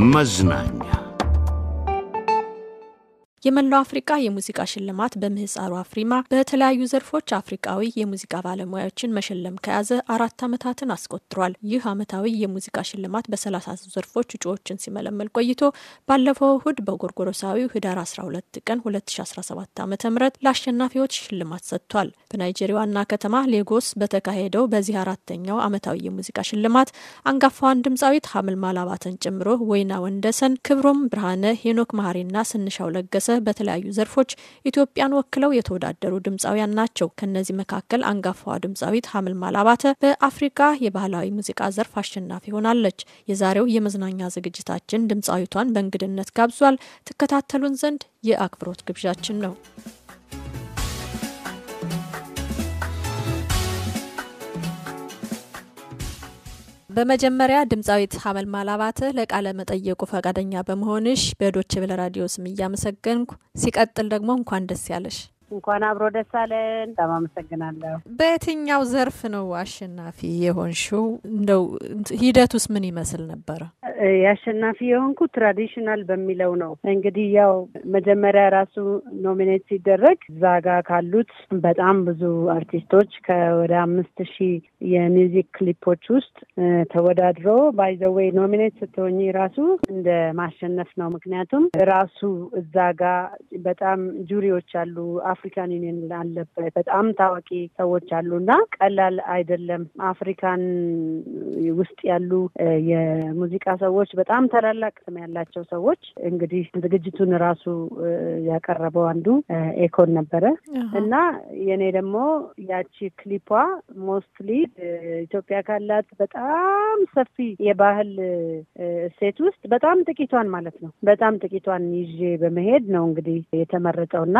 мы знания. የመላው አፍሪቃ የሙዚቃ ሽልማት በምህፃሩ አፍሪማ በተለያዩ ዘርፎች አፍሪቃዊ የሙዚቃ ባለሙያዎችን መሸለም ከያዘ አራት ዓመታትን አስቆጥሯል። ይህ ዓመታዊ የሙዚቃ ሽልማት በሰላሳ ዘርፎች እጩዎችን ሲመለመል ቆይቶ ባለፈው እሁድ በጎርጎሮሳዊው ህዳር 12 ቀን 2017 ዓ ም ለአሸናፊዎች ሽልማት ሰጥቷል። በናይጄሪያ ዋና ከተማ ሌጎስ በተካሄደው በዚህ አራተኛው ዓመታዊ የሙዚቃ ሽልማት አንጋፋዋን ድምፃዊት ሀምል ማላባተን ጨምሮ ወይና ወንደሰን፣ ክብሮም ብርሃነ፣ ሄኖክ መሀሪና ስንሻው ለገሰ በተለያዩ ዘርፎች ኢትዮጵያን ወክለው የተወዳደሩ ድምፃውያን ናቸው። ከእነዚህ መካከል አንጋፋዋ ድምፃዊት ሀምልማል አባተ በአፍሪካ የባህላዊ ሙዚቃ ዘርፍ አሸናፊ ሆናለች። የዛሬው የመዝናኛ ዝግጅታችን ድምፃዊቷን በእንግድነት ጋብዟል። ትከታተሉን ዘንድ የአክብሮት ግብዣችን ነው። በመጀመሪያ ድምፃዊት ሀመልማል አባተ ለቃለ መጠየቁ ፈቃደኛ በመሆንሽ በዶች ቬለ ራዲዮ ስም እያመሰገንኩ፣ ሲቀጥል ደግሞ እንኳን ደስ ያለሽ። እንኳን አብሮ ደስ አለን። በጣም አመሰግናለሁ። በየትኛው ዘርፍ ነው አሸናፊ የሆንሽው? እንደው ሂደቱስ ምን ይመስል ነበረ? የአሸናፊ የሆንኩ ትራዲሽናል በሚለው ነው። እንግዲህ ያው መጀመሪያ ራሱ ኖሚኔት ሲደረግ እዛ ጋ ካሉት በጣም ብዙ አርቲስቶች ከወደ አምስት ሺህ የሚውዚክ ክሊፖች ውስጥ ተወዳድሮ ባይዘዌይ ኖሚኔት ስትሆኝ ራሱ እንደ ማሸነፍ ነው። ምክንያቱም ራሱ እዛ ጋ በጣም ጁሪዎች አሉ፣ አፍሪካን ዩኒየን አለበት፣ በጣም ታዋቂ ሰዎች አሉ እና ቀላል አይደለም። አፍሪካን ውስጥ ያሉ የሙዚቃ ሰው ሰዎች በጣም ታላላቅ ስም ያላቸው ሰዎች እንግዲህ ዝግጅቱን ራሱ ያቀረበው አንዱ ኤኮን ነበረ እና የኔ ደግሞ ያቺ ክሊፖ ሞስትሊ ኢትዮጵያ ካላት በጣም ሰፊ የባህል እሴት ውስጥ በጣም ጥቂቷን ማለት ነው በጣም ጥቂቷን ይዤ በመሄድ ነው እንግዲህ የተመረጠው እና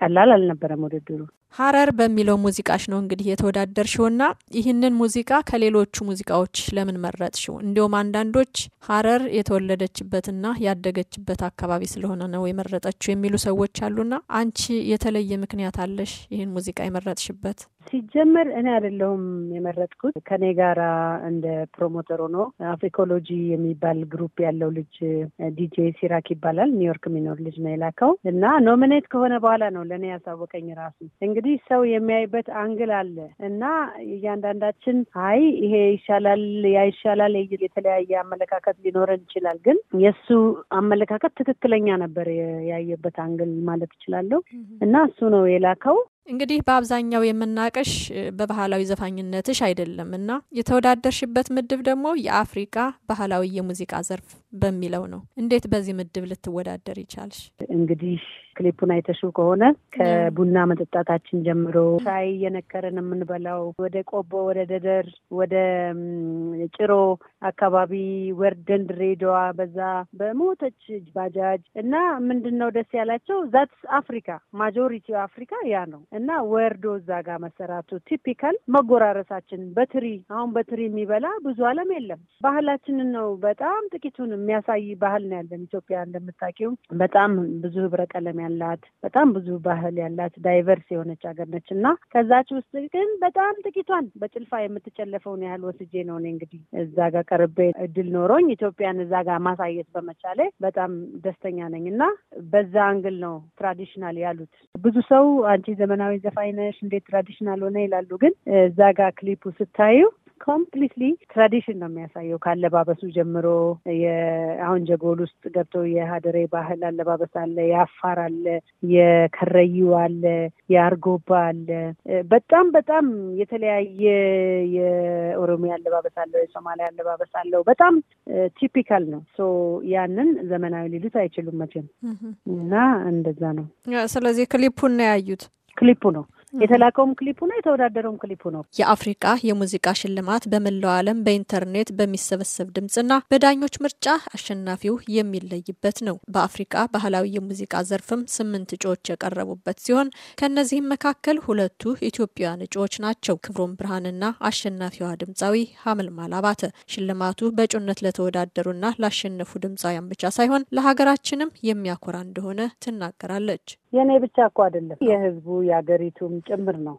ቀላል አልነበረም ውድድሩ። ሀረር በሚለው ሙዚቃሽ ነው እንግዲህ የተወዳደርሽው እና ይህንን ሙዚቃ ከሌሎቹ ሙዚቃዎች ለምን መረጥሽው? እንዲሁም አንዳንዶች ሀረር የተወለደችበትና ያደገችበት አካባቢ ስለሆነ ነው የመረጠችው የሚሉ ሰዎች አሉና አንቺ የተለየ ምክንያት አለሽ ይህን ሙዚቃ የመረጥሽበት? ሲጀመር እኔ አይደለሁም የመረጥኩት። ከኔ ጋራ እንደ ፕሮሞተር ሆኖ አፍሪኮሎጂ የሚባል ግሩፕ ያለው ልጅ ዲጄ ሲራክ ይባላል። ኒውዮርክ የሚኖር ልጅ ነው የላከው እና ኖሚኔት ከሆነ በኋላ ነው ለእኔ ያሳወቀኝ። ራሱ እንግዲህ ሰው የሚያይበት አንግል አለ እና እያንዳንዳችን አይ ይሄ ይሻላል፣ ያ ይሻላል፣ የተለያየ አመለካከት ሊኖረን ይችላል። ግን የእሱ አመለካከት ትክክለኛ ነበር ያየበት አንግል ማለት እችላለሁ እና እሱ ነው የላከው እንግዲህ በአብዛኛው የምናቀሽ በባህላዊ ዘፋኝነትሽ አይደለም እና የተወዳደርሽበት ምድብ ደግሞ የአፍሪካ ባህላዊ የሙዚቃ ዘርፍ በሚለው ነው። እንዴት በዚህ ምድብ ልትወዳደር ይቻልሽ? እንግዲህ ክሊፑን አይተሽው ከሆነ ከቡና መጠጣታችን ጀምሮ ሻይ እየነከርን የምንበላው ወደ ቆቦ፣ ወደ ደደር፣ ወደ ጭሮ አካባቢ ወርደን ድሬዳዋ በዛ በሞተች ባጃጅ እና ምንድን ነው ደስ ያላቸው ዛትስ አፍሪካ ማጆሪቲ አፍሪካ ያ ነው እና ወርዶ እዛ ጋር መሰራቱ ቲፒካል መጎራረሳችን በትሪ አሁን በትሪ የሚበላ ብዙ አለም የለም። ባህላችንን ነው በጣም ጥቂቱን የሚያሳይ ባህል ነው ያለን። ኢትዮጵያ እንደምታውቂው በጣም ብዙ ህብረ ቀለም ያላት በጣም ብዙ ባህል ያላት ዳይቨርስ የሆነች ሀገር ነች እና ከዛች ውስጥ ግን በጣም ጥቂቷን በጭልፋ የምትጨለፈውን ያህል ወስጄ ነው እኔ እንግዲህ እዛ ጋር ቀርቤ እድል ኖሮኝ ኢትዮጵያን እዛ ጋር ማሳየት በመቻሌ በጣም ደስተኛ ነኝ እና በዛ አንግል ነው ትራዲሽናል ያሉት ብዙ ሰው አንቺ ዘመን ዘመናዊ ዘፋኝነሽ እንዴት ትራዲሽናል ሆነ ይላሉ። ግን እዛ ጋር ክሊፑ ስታዩ ኮምፕሊትሊ ትራዲሽን ነው የሚያሳየው ከአለባበሱ ጀምሮ አሁን ጀጎል ውስጥ ገብቶ የሀደሬ ባህል አለባበስ አለ፣ የአፋር አለ፣ የከረዩ አለ፣ የአርጎባ አለ። በጣም በጣም የተለያየ የኦሮሚያ አለባበስ አለው፣ የሶማሊያ አለባበስ አለው። በጣም ቲፒካል ነው። ሶ ያንን ዘመናዊ ሊሉት አይችሉም መቼም እና እንደዛ ነው። ስለዚህ ክሊፑን ነው ያዩት። ክሊፑ ነው የተላከውም ክሊፑ ነው የተወዳደረውም ክሊፑ ነው። የአፍሪቃ የሙዚቃ ሽልማት በመላው ዓለም በኢንተርኔት በሚሰበሰብ ድምፅና በዳኞች ምርጫ አሸናፊው የሚለይበት ነው። በአፍሪቃ ባህላዊ የሙዚቃ ዘርፍም ስምንት እጩዎች የቀረቡበት ሲሆን ከእነዚህም መካከል ሁለቱ ኢትዮጵያውያን እጩዎች ናቸው። ክብሮም ብርሃንና አሸናፊዋ ድምፃዊ ሀምል አባተ። ሽልማቱ በእጩነት ለተወዳደሩና ላሸነፉ ድምፃውያን ብቻ ሳይሆን ለሀገራችንም የሚያኮራ እንደሆነ ትናገራለች። የእኔ ብቻ እኮ አይደለም፣ የህዝቡ የሀገሪቱም ጭምር ነው።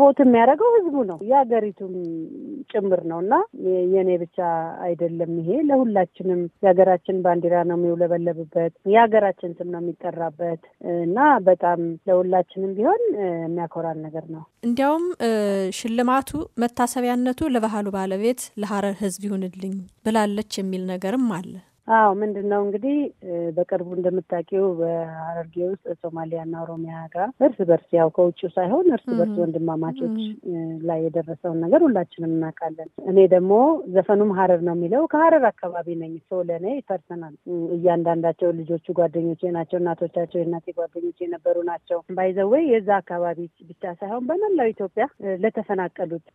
ቦት የሚያደርገው ህዝቡ ነው፣ የሀገሪቱም ጭምር ነው እና የእኔ ብቻ አይደለም። ይሄ ለሁላችንም የሀገራችን ባንዲራ ነው የሚውለበለብበት፣ የሀገራችን ስም ነው የሚጠራበት እና በጣም ለሁላችንም ቢሆን የሚያኮራን ነገር ነው። እንዲያውም ሽልማቱ መታሰቢያነቱ ለባህሉ ባለቤት ለሀረር ህዝብ ይሁንልኝ ብላለች የሚል ነገርም አለ። አዎ ምንድን ነው እንግዲህ በቅርቡ እንደምታውቂው በሀረርጌ ውስጥ ሶማሊያና ኦሮሚያ ጋር እርስ በርስ ያው ከውጭ ሳይሆን እርስ በርስ ወንድማማቾች ላይ የደረሰውን ነገር ሁላችንም እናውቃለን። እኔ ደግሞ ዘፈኑም ሀረር ነው የሚለው ከሀረር አካባቢ ነኝ። ሰው ለእኔ ፐርሰናል እያንዳንዳቸው ልጆቹ ጓደኞቼ ናቸው፣ እናቶቻቸው የእናቴ ጓደኞቼ የነበሩ ናቸው። ባይዘወይ የዛ አካባቢ ብቻ ሳይሆን በመላው ኢትዮጵያ ለተፈናቀሉት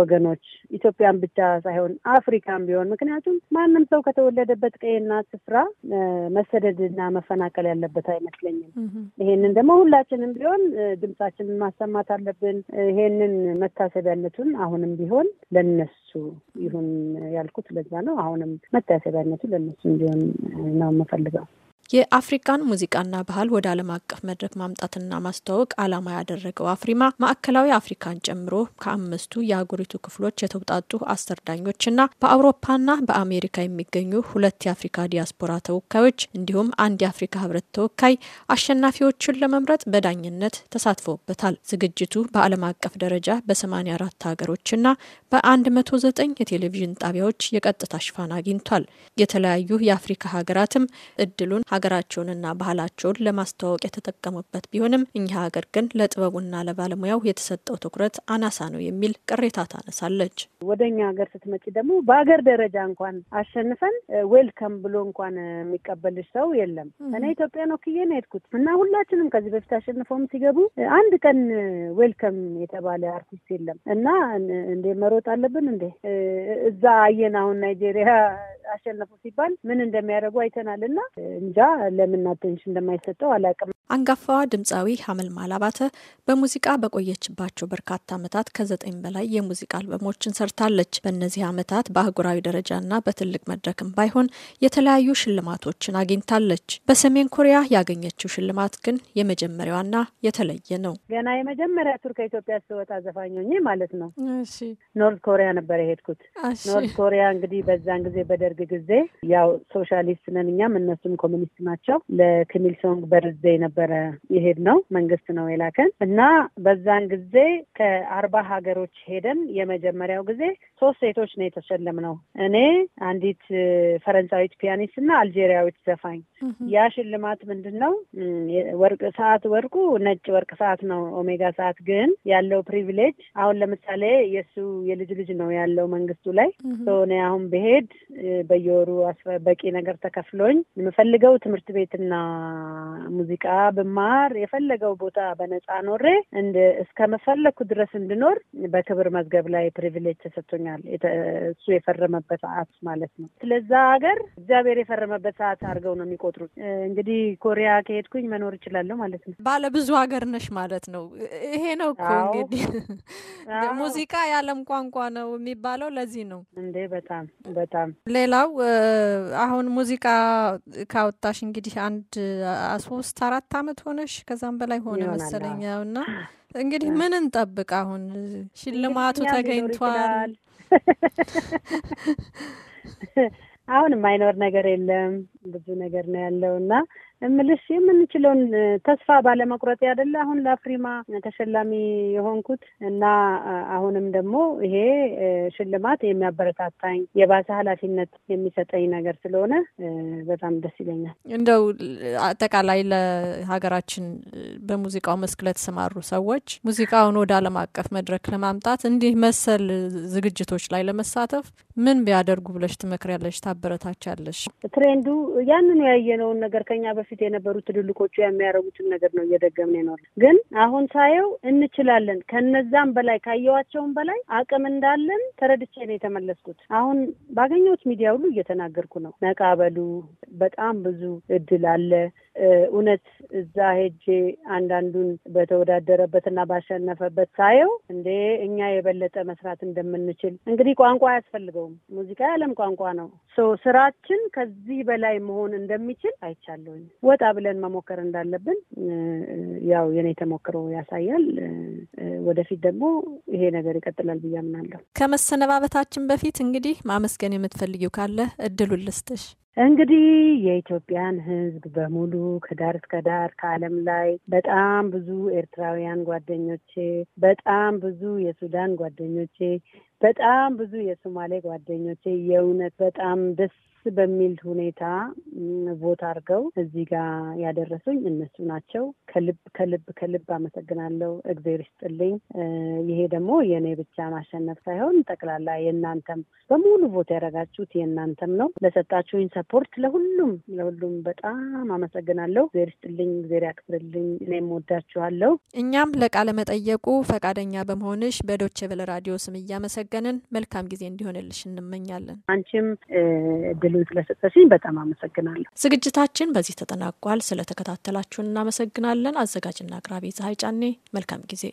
ወገኖች ኢትዮጵያን ብቻ ሳይሆን አፍሪካን ቢሆን ምክንያቱም ማንም ሰው ከተወለደበት ቀ ጊዜና ስፍራ መሰደድና መፈናቀል ያለበት አይመስለኝም። ይሄንን ደግሞ ሁላችንም ቢሆን ድምጻችንን ማሰማት አለብን። ይሄንን መታሰቢያነቱን አሁንም ቢሆን ለነሱ ይሁን ያልኩት ለዛ ነው። አሁንም መታሰቢያነቱ ለነሱ እንዲሆን ነው የምፈልገው። የአፍሪካን ሙዚቃና ባህል ወደ ዓለም አቀፍ መድረክ ማምጣትና ማስተዋወቅ ዓላማ ያደረገው አፍሪማ ማዕከላዊ አፍሪካን ጨምሮ ከአምስቱ የአህጉሪቱ ክፍሎች የተውጣጡ አስር ዳኞችና በአውሮፓና በአሜሪካ የሚገኙ ሁለት የአፍሪካ ዲያስፖራ ተወካዮች እንዲሁም አንድ የአፍሪካ ህብረት ተወካይ አሸናፊዎቹን ለመምረጥ በዳኝነት ተሳትፈውበታል። ዝግጅቱ በዓለም አቀፍ ደረጃ በ84 ሀገሮችና በ109 የቴሌቪዥን ጣቢያዎች የቀጥታ ሽፋን አግኝቷል። የተለያዩ የአፍሪካ ሀገራትም እድሉን ሀገራቸውንና ባህላቸውን ለማስተዋወቅ የተጠቀሙበት ቢሆንም እኛ ሀገር ግን ለጥበቡና ለባለሙያው የተሰጠው ትኩረት አናሳ ነው የሚል ቅሬታ ታነሳለች። ወደ እኛ ሀገር ስትመጪ ደግሞ በሀገር ደረጃ እንኳን አሸንፈን ዌልከም ብሎ እንኳን የሚቀበልሽ ሰው የለም። እኔ ኢትዮጵያን ወክዬ ነው የሄድኩት እና ሁላችንም ከዚህ በፊት አሸንፈውም ሲገቡ አንድ ቀን ዌልከም የተባለ አርቲስት የለም እና እንዴ መሮጥ አለብን እንዴ እዛ አየን። አሁን ናይጄሪያ አሸነፉ ሲባል ምን እንደሚያደርጉ አይተናል እና እንጃ ለምን አቴንሽን እንደማይሰጠው አላውቅም። አንጋፋዋ ድምፃዊ ሀመልማል አባተ በሙዚቃ በቆየችባቸው በርካታ ዓመታት ከዘጠኝ በላይ የሙዚቃ አልበሞችን ሰርታለች። በእነዚህ ዓመታት በአህጉራዊ ደረጃና በትልቅ መድረክም ባይሆን የተለያዩ ሽልማቶችን አግኝታለች። በሰሜን ኮሪያ ያገኘችው ሽልማት ግን የመጀመሪያዋና የተለየ ነው። ገና የመጀመሪያ ቱር ከኢትዮጵያ ስወጣ ዘፋኞኝ ማለት ነው። ኖርት ኮሪያ ነበር የሄድኩት። ኖርት ኮሪያ እንግዲህ በዛን ጊዜ በደርግ ጊዜ ያው ሶሻሊስት ነን እኛም እነሱም ኮሚኒስት ናቸው። ለኪም ኢል ሶንግ በርዝዴይ ነበር ነበረ የሄድ ነው። መንግስት ነው የላከን እና በዛን ጊዜ ከአርባ ሀገሮች ሄደን የመጀመሪያው ጊዜ ሶስት ሴቶች ነው ነው እኔ፣ አንዲት ፈረንሳዊት ፒያኒስት እና አልጄሪያዊት ዘፋኝ። ያ ሽልማት ምንድን ነው? ወርቅ ሰዓት፣ ወርቁ ነጭ ወርቅ ሰዓት ነው ኦሜጋ ሰዓት። ግን ያለው ፕሪቪሌጅ አሁን ለምሳሌ የእሱ የልጅ ልጅ ነው ያለው መንግስቱ ላይ እኔ አሁን ብሄድ በየወሩ በቂ ነገር ተከፍሎኝ የምፈልገው ትምህርት ቤትና ሙዚቃ ብማር የፈለገው ቦታ በነጻ ኖሬ እንደ እስከመፈለግኩ ድረስ እንድኖር በክብር መዝገብ ላይ ፕሪቪሌጅ ተሰጥቶኛል። እሱ የፈረመበት ሰዓት ማለት ነው። ስለዛ ሀገር እግዚአብሔር የፈረመበት ሰዓት አድርገው ነው የሚቆጥሩት። እንግዲህ ኮሪያ ከሄድኩኝ መኖር እችላለሁ ማለት ነው። ባለ ብዙ ሀገር ነሽ ማለት ነው። ይሄ ነው እኮ እንግዲህ ሙዚቃ የዓለም ቋንቋ ነው የሚባለው ለዚህ ነው እንዴ። በጣም በጣም ሌላው አሁን ሙዚቃ ካወጣሽ እንግዲህ አንድ ሶስት አራት አራት አመት ሆነሽ ከዛም በላይ ሆነ መሰለኛው እና እንግዲህ ምን እንጠብቅ አሁን ሽልማቱ ተገኝቷል አሁን የማይኖር ነገር የለም ብዙ ነገር ነው ያለው እና እምልሽ የምንችለውን ተስፋ ባለመቁረጥ ያደለ አሁን ለአፍሪማ ተሸላሚ የሆንኩት እና አሁንም ደግሞ ይሄ ሽልማት የሚያበረታታኝ የባሰ ኃላፊነት የሚሰጠኝ ነገር ስለሆነ በጣም ደስ ይለኛል። እንደው አጠቃላይ ለሀገራችን በሙዚቃው መስክ ለተሰማሩ ሰዎች ሙዚቃውን ወደ ዓለም አቀፍ መድረክ ለማምጣት እንዲህ መሰል ዝግጅቶች ላይ ለመሳተፍ ምን ቢያደርጉ ብለሽ ትመክሪያለሽ? ታበረታቻለሽ? ትሬንዱ ያንን ያየነውን ነገር ከኛ በፊት በፊት የነበሩ ትልልቆቹ የሚያደርጉትን ነገር ነው እየደገምን ይኖር። ግን አሁን ሳየው እንችላለን ከነዛም በላይ ካየዋቸውም በላይ አቅም እንዳለን ተረድቼ ነው የተመለስኩት። አሁን ባገኘሁት ሚዲያ ሁሉ እየተናገርኩ ነው። ነቃ በሉ፣ በጣም ብዙ እድል አለ። እውነት እዛ ሄጄ አንዳንዱን በተወዳደረበትና ባሸነፈበት ሳየው እንዴ እኛ የበለጠ መስራት እንደምንችል እንግዲህ ቋንቋ አያስፈልገውም። ሙዚቃ የዓለም ቋንቋ ነው። ስራችን ከዚህ በላይ መሆን እንደሚችል አይቻለሁኝ። ወጣ ብለን መሞከር እንዳለብን ያው የኔ ተሞክሮ ያሳያል። ወደፊት ደግሞ ይሄ ነገር ይቀጥላል ብዬ አምናለሁ። ከመሰነባበታችን በፊት እንግዲህ ማመስገን የምትፈልጊው ካለ እድሉን ልስጥሽ። እንግዲህ የኢትዮጵያን ሕዝብ በሙሉ ከዳር እስከ ዳር ከዓለም ላይ በጣም ብዙ ኤርትራውያን ጓደኞቼ፣ በጣም ብዙ የሱዳን ጓደኞቼ፣ በጣም ብዙ የሶማሌ ጓደኞቼ የእውነት በጣም ደስ በሚል ሁኔታ ቦት አድርገው እዚህ ጋር ያደረሱኝ እነሱ ናቸው። ከልብ ከልብ ከልብ አመሰግናለሁ። እግዜር ይስጥልኝ። ይሄ ደግሞ የእኔ ብቻ ማሸነፍ ሳይሆን ጠቅላላ የእናንተም በሙሉ ቦት ያደረጋችሁት የእናንተም ነው። ለሰጣችሁኝ ሰፖርት ለሁሉም ለሁሉም በጣም አመሰግናለሁ። እግዜር ይስጥልኝ። እግዜር ያክብርልኝ። እኔም ወዳችኋለሁ። እኛም ለቃለ መጠየቁ ፈቃደኛ በመሆንሽ በዶቼ ቬለ ራዲዮ ስም እያመሰገንን መልካም ጊዜ እንዲሆንልሽ እንመኛለን። አንቺም እድሉን ስለሰጠሽኝ በጣም አመሰግናለሁ። ዝግጅታችን በዚህ ተጠናቋል። ስለተከታተላችሁን እናመሰግናለን። አዘጋጅና አቅራቢ ፀሐይ ጫኔ፣ መልካም ጊዜ